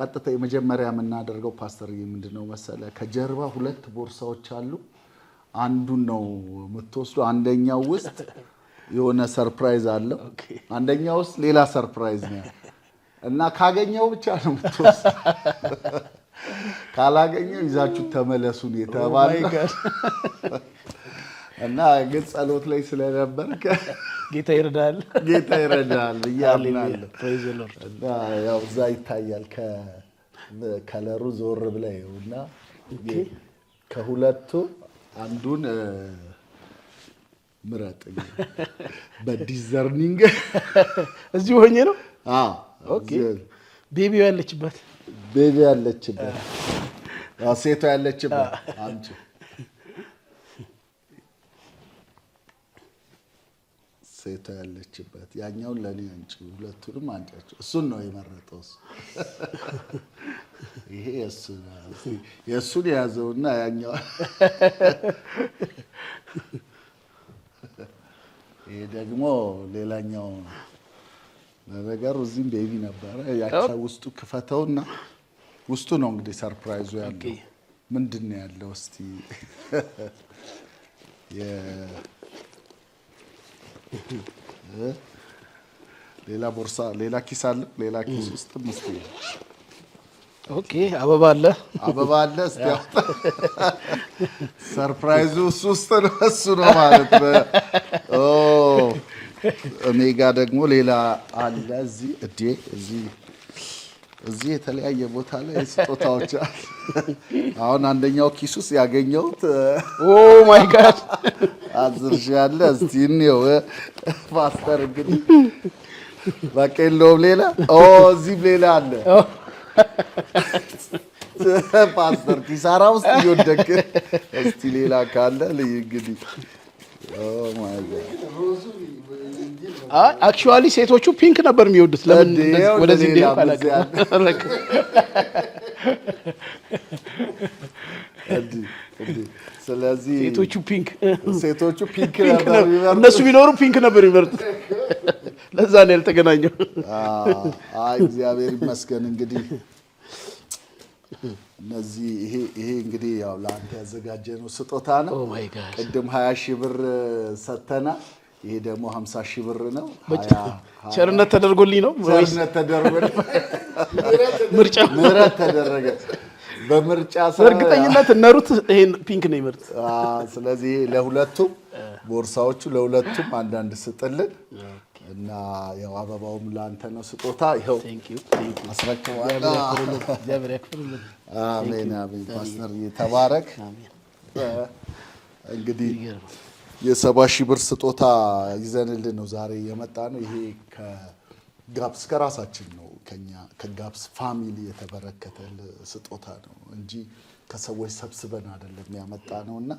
ቀጥታ የመጀመሪያ የምናደርገው ፓስተር ምንድን ነው መሰለ፣ ከጀርባ ሁለት ቦርሳዎች አሉ። አንዱን ነው የምትወስዱ። አንደኛው ውስጥ የሆነ ሰርፕራይዝ አለው። አንደኛው ውስጥ ሌላ ሰርፕራይዝ ነው እና ካገኘው ብቻ ነው የምትወስዱ። ካላገኘው ይዛችሁ ተመለሱን oh የተባለ እና ግን ጸሎት ላይ ስለነበር ጌታ ይረዳል፣ ጌታ ይረዳል ብዬ እዛ ይታያል። ከለሩ ዞር ብለህ እና ከሁለቱ አንዱን ምረጥ። በዲዘርኒንግ እዚሁ ሆኜ ነው። ቤቢ ያለችበት፣ ቤቢ ያለችበት፣ ሴቷ ያለችበት አንቺ ሴቷ ያለችበት ያኛውን ለእኔ አንጭ ሁለቱንም አንጫቸው። እሱን ነው የመረጠው። ይሄ የእሱን የያዘውና ያኛው ይሄ ደግሞ ሌላኛው። ለነገሩ እዚህም ቤቢ ነበረ። ያቻ ውስጡ ክፈተውና ውስጡ ነው እንግዲህ ሰርፕራይዙ ያለው ምንድን ነው ያለው እስቲ ሌላ ቦርሳ፣ ሌላ ኪስ አለ። ሌላ ኪስ ውስጥ ምስት ኦኬ፣ አበባ አለ፣ አበባ አለ። እስቲ ሰርፕራይዙ እሱ ውስጥ ነው፣ እሱ ነው ማለት ኦ፣ እኔ ጋ ደግሞ ሌላ አለ እዚህ እዴ እዚህ እዚህ የተለያየ ቦታ ላይ ስጦታዎች አሉ። አሁን አንደኛው ኪስ ውስጥ ያገኘሁት ማይ ጋድ አዝርሻለ። እስቲ እንየው ፓስተር፣ እንግዲህ በቃ የለውም ሌላ። እዚህም ሌላ አለ ፓስተር፣ ኪሳራ ውስጥ እየወደቅ እስቲ ሌላ ካለ ልይ እንግዲህ አክቹዋሊ ሴቶቹ ፒንክ ነበር የሚወዱት። ለምን ወደዚህ እንደ ስለዚህ ሴቶቹ ፒንክ ሴቶቹ ፒንክ ነበር እነሱ ቢኖሩ ፒንክ ነበር ይመርጡት። ለዛ ነው ያልተገናኘው። እግዚአብሔር ይመስገን እንግዲህ እነዚህ ይሄ ይሄ እንግዲህ ያው ለአንተ ያዘጋጀነው ስጦታ ነው። oh ቅድም ሀያ ሺህ ብር ሰተና ይሄ ደግሞ ሀምሳ ሺህ ብር ነው። ቸርነት ተደርጎልኝ ነው። ቸርነት ተደርጎልኝ ምርጫ ምሕረት ተደረገ። በምርጫ እርግጠኝነት እነ ይሄን ፒንክ ነው ይመርጥ። ስለዚህ ለሁለቱም ቦርሳዎቹ ለሁለቱም አንዳንድ ስጥልን እና ያው አበባውም ለአንተ ነው ስጦታ። ይኸው አስረክባለሁ። አሜን አሜን። ፓስተር ተባረክ። እንግዲህ የሰባ ሺህ ብር ስጦታ ይዘንልን ነው ዛሬ የመጣ ነው። ይሄ ከጋብስ ከራሳችን ነው ከኛ ከጋብስ ፋሚሊ የተበረከተል ስጦታ ነው እንጂ ከሰዎች ሰብስበን አይደለም ያመጣ ነው እና